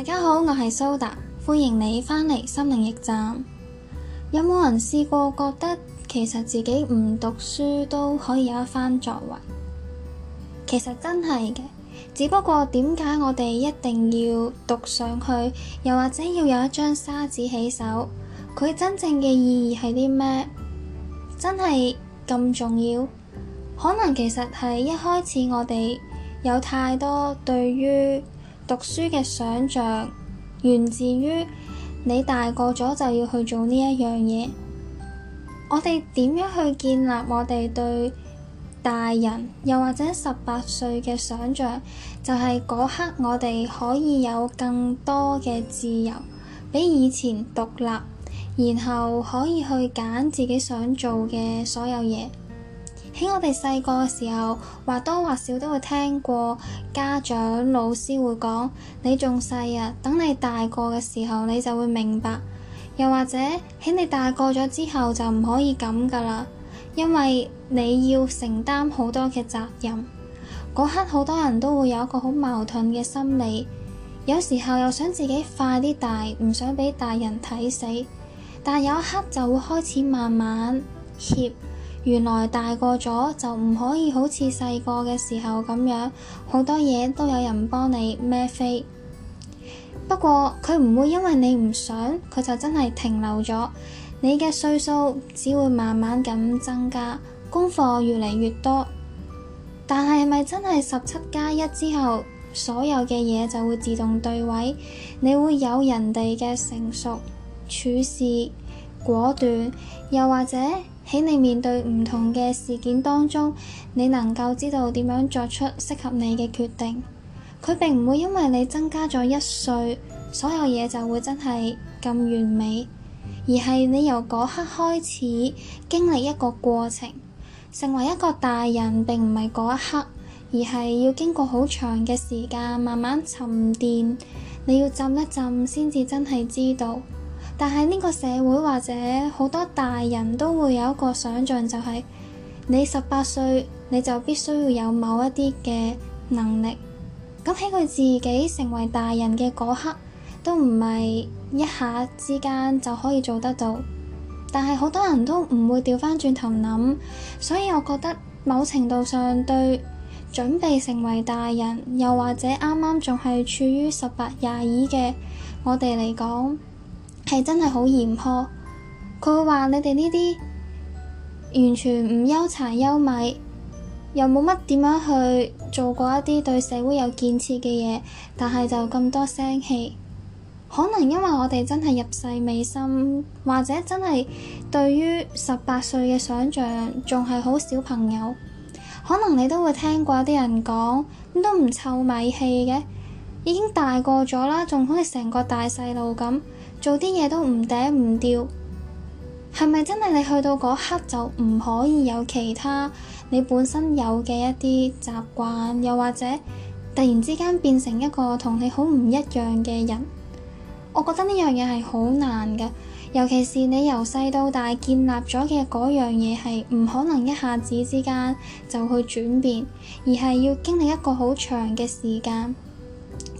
大家好，我係蘇達，歡迎你返嚟心靈驛站。有冇人試過覺得其實自己唔讀書都可以有一番作為？其實真係嘅，只不過點解我哋一定要讀上去，又或者要有一張沙紙起手？佢真正嘅意義係啲咩？真係咁重要？可能其實係一開始我哋有太多對於讀書嘅想像源自於你大個咗就要去做呢一樣嘢。我哋點樣去建立我哋對大人又或者十八歲嘅想像？就係嗰刻我哋可以有更多嘅自由，比以前獨立，然後可以去揀自己想做嘅所有嘢。喺我哋細個嘅時候，或多或少都會聽過家長、老師會講：你仲細啊，等你大個嘅時候，你就會明白。又或者喺你大個咗之後就唔可以咁㗎喇，因為你要承擔好多嘅責任。嗰刻好多人都會有一個好矛盾嘅心理，有時候又想自己快啲大，唔想俾大人睇死，但有一刻就會開始慢慢怯。原來大個咗就唔可以好似細個嘅時候咁樣，好多嘢都有人幫你孭飛。不過佢唔會因為你唔想，佢就真係停留咗。你嘅歲數只會慢慢咁增加，功課越嚟越多。但係咪真係十七加一之後，所有嘅嘢就會自動對位？你會有人哋嘅成熟處事果斷，又或者？喺你面對唔同嘅事件當中，你能夠知道點樣作出適合你嘅決定。佢並唔會因為你增加咗一歲，所有嘢就會真係咁完美，而係你由嗰刻開始經歷一個過程，成為一個大人並唔係嗰一刻，而係要經過好長嘅時間慢慢沉澱。你要浸一浸先至真係知道。但係呢個社會或者好多大人都會有一個想象、就是，就係你十八歲你就必須要有某一啲嘅能力。咁喺佢自己成為大人嘅嗰刻，都唔係一下之間就可以做得到。但係好多人都唔會掉翻轉頭諗，所以我覺得某程度上對準備成為大人，又或者啱啱仲係處於十八廿二嘅我哋嚟講。係真係好嚴苛，佢會話你哋呢啲完全唔憂柴憂米，又冇乜點樣去做過一啲對社會有建設嘅嘢，但係就咁多聲氣。可能因為我哋真係入世未深，或者真係對於十八歲嘅想象仲係好小朋友。可能你都會聽過一啲人講，都唔臭米氣嘅，已經大個咗啦，仲好似成個大細路咁。做啲嘢都唔嗲唔吊，係咪真係你去到嗰刻就唔可以有其他你本身有嘅一啲習慣？又或者突然之間變成一個同你好唔一樣嘅人？我覺得呢樣嘢係好難㗎，尤其是你由細到大建立咗嘅嗰樣嘢係唔可能一下子之間就去轉變，而係要經歷一個好長嘅時間。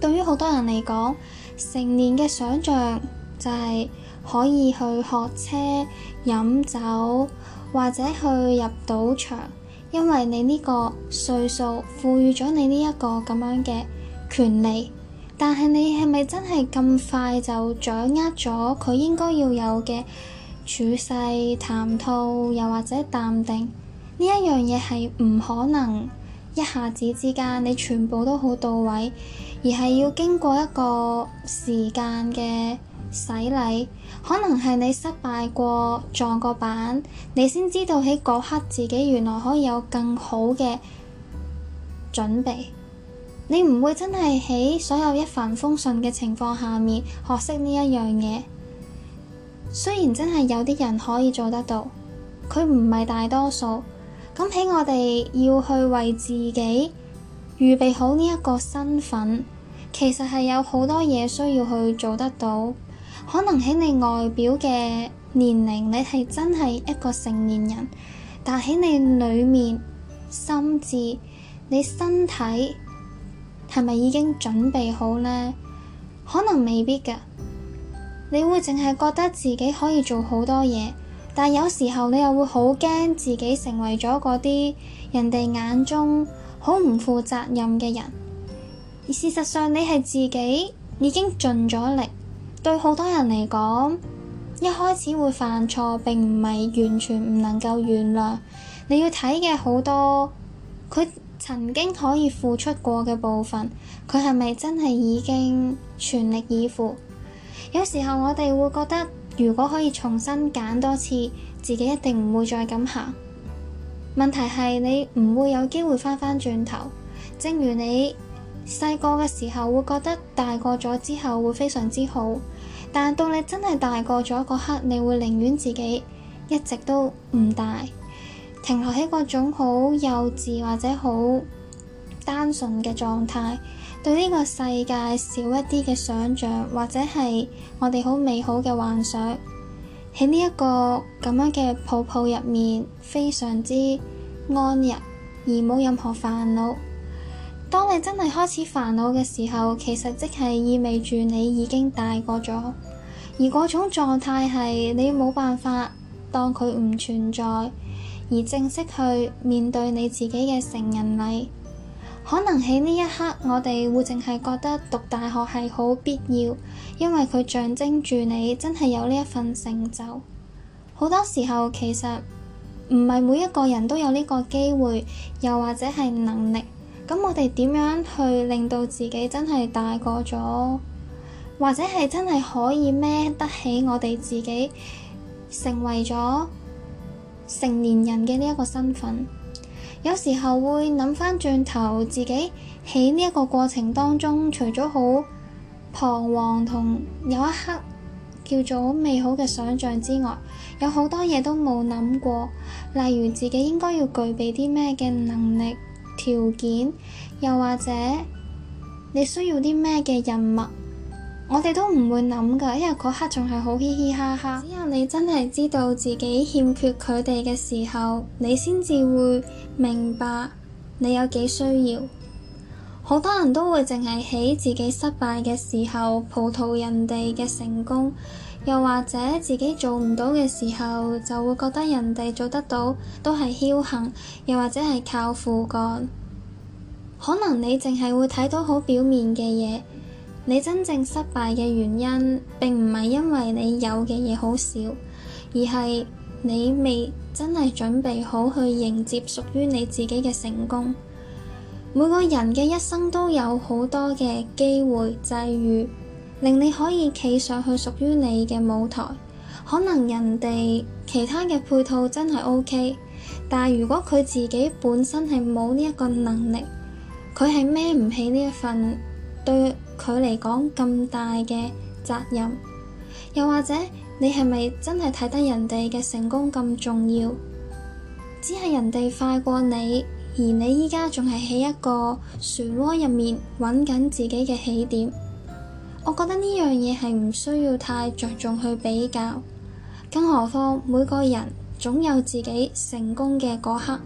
對於好多人嚟講，成年嘅想像，就係可以去學車、飲酒或者去入賭場，因為你呢個歲數賦予咗你呢一個咁樣嘅權利。但係你係咪真係咁快就掌握咗佢應該要有嘅處世、談吐又或者淡定？呢一樣嘢係唔可能一下子之間你全部都好到位，而係要經過一個時間嘅。洗禮可能係你失敗過撞過板，你先知道喺嗰刻自己原來可以有更好嘅準備。你唔會真係喺所有一帆風順嘅情況下面學識呢一樣嘢。雖然真係有啲人可以做得到，佢唔係大多數。咁喺我哋要去為自己預備好呢一個身份，其實係有好多嘢需要去做得到。可能喺你外表嘅年齡，你係真係一個成年人，但喺你裏面、心智、你身體，係咪已經準備好咧？可能未必噶。你會淨係覺得自己可以做好多嘢，但有時候你又會好驚自己成為咗嗰啲人哋眼中好唔負責任嘅人。而事實上，你係自己已經盡咗力。對好多人嚟講，一開始會犯錯，並唔係完全唔能夠原諒。你要睇嘅好多，佢曾經可以付出過嘅部分，佢係咪真係已經全力以赴？有時候我哋會覺得，如果可以重新揀多次，自己一定唔會再咁行。問題係你唔會有機會翻返轉頭，正如你。細個嘅時候會覺得大個咗之後會非常之好，但係到你真係大個咗嗰刻，你會寧願自己一直都唔大，停留喺嗰種好幼稚或者好單純嘅狀態，對呢個世界少一啲嘅想象，或者係我哋好美好嘅幻想喺呢一個咁樣嘅泡泡入面，非常之安逸，而冇任何煩惱。當你真係開始煩惱嘅時候，其實即係意味住你已經大個咗，而嗰種狀態係你冇辦法當佢唔存在，而正式去面對你自己嘅成人禮。可能喺呢一刻，我哋會淨係覺得讀大學係好必要，因為佢象徵住你真係有呢一份成就。好多時候，其實唔係每一個人都有呢個機會，又或者係能力。咁我哋點樣去令到自己真係大個咗，或者係真係可以孭得起我哋自己成為咗成年人嘅呢一個身份？有時候會諗翻轉頭，自己喺呢一個過程當中，除咗好彷徨同有一刻叫做美好嘅想像之外，有好多嘢都冇諗過，例如自己應該要具備啲咩嘅能力。條件，又或者你需要啲咩嘅人物，我哋都唔會諗噶因為嗰刻仲係好嘻嘻哈哈。只有你真係知道自己欠缺佢哋嘅時候，你先至會明白你有幾需要。好多人都會淨係喺自己失敗嘅時候葡萄人哋嘅成功，又或者自己做唔到嘅時候就會覺得人哋做得到都係僥倖，又或者係靠苦幹。可能你淨係會睇到好表面嘅嘢，你真正失敗嘅原因並唔係因為你有嘅嘢好少，而係你未真係準備好去迎接屬於你自己嘅成功。每個人嘅一生都有好多嘅機會際遇，令你可以企上去屬於你嘅舞台。可能人哋其他嘅配套真係 OK，但係如果佢自己本身係冇呢一個能力，佢係孭唔起呢一份對佢嚟講咁大嘅責任。又或者你係咪真係睇得人哋嘅成功咁重要？只係人哋快過你。而你而家仲係喺一個漩渦入面搵緊自己嘅起點，我覺得呢樣嘢係唔需要太着重去比較，更何況每個人總有自己成功嘅嗰刻，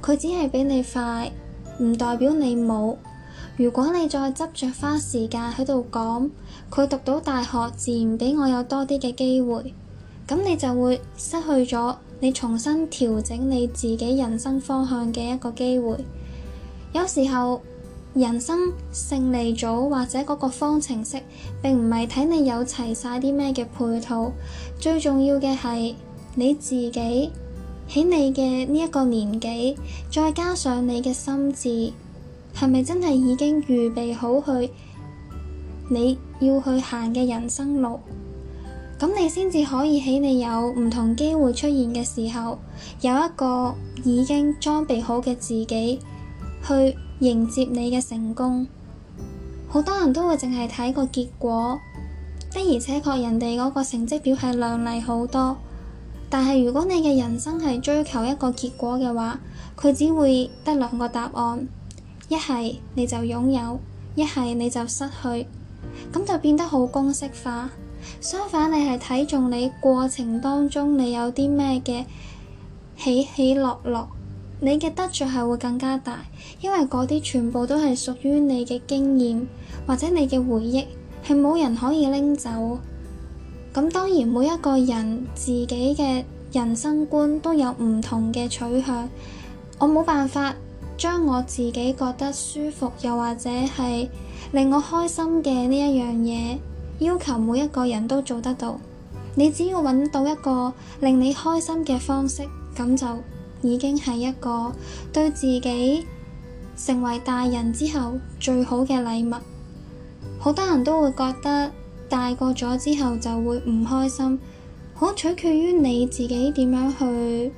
佢只係比你快，唔代表你冇。如果你再執着花時間喺度講，佢讀到大學自然比我有多啲嘅機會，咁你就會失去咗。你重新調整你自己人生方向嘅一個機會，有時候人生勝利組或者嗰個方程式，並唔係睇你有齊晒啲咩嘅配套，最重要嘅係你自己喺你嘅呢一個年紀，再加上你嘅心智，係咪真係已經預備好去你要去行嘅人生路？咁你先至可以喺你有唔同機會出現嘅時候，有一個已經裝備好嘅自己去迎接你嘅成功。好多人都會淨係睇個結果，的而且確人哋嗰個成績表係亮麗好多。但係如果你嘅人生係追求一個結果嘅話，佢只會得兩個答案：一係你就擁有，一係你就失去。咁就變得好公式化。相反，你係睇重你過程當中你有啲咩嘅起起落落，你嘅得着係會更加大，因為嗰啲全部都係屬於你嘅經驗或者你嘅回憶，係冇人可以拎走。咁當然，每一個人自己嘅人生觀都有唔同嘅取向，我冇辦法。將我自己覺得舒服，又或者係令我開心嘅呢一樣嘢，要求每一個人都做得到。你只要揾到一個令你開心嘅方式，咁就已經係一個對自己成為大人之後最好嘅禮物。好多人都會覺得大個咗之後就會唔開心，可取決於你自己點樣去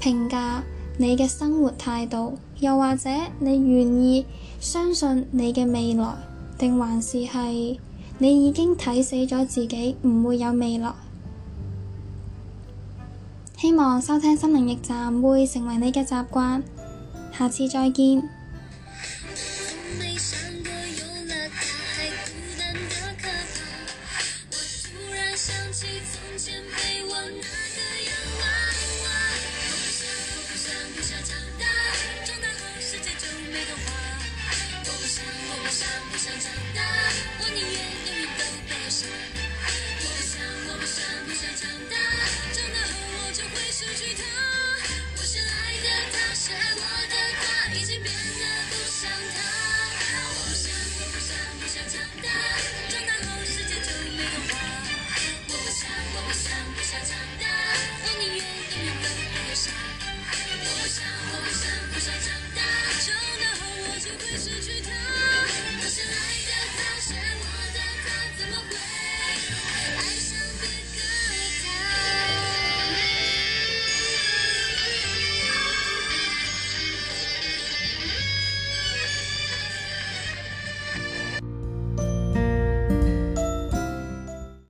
評價。你嘅生活態度，又或者你願意相信你嘅未來，定還是係你已經睇死咗自己，唔會有未來？希望收聽心靈驛站會成為你嘅習慣，下次再見。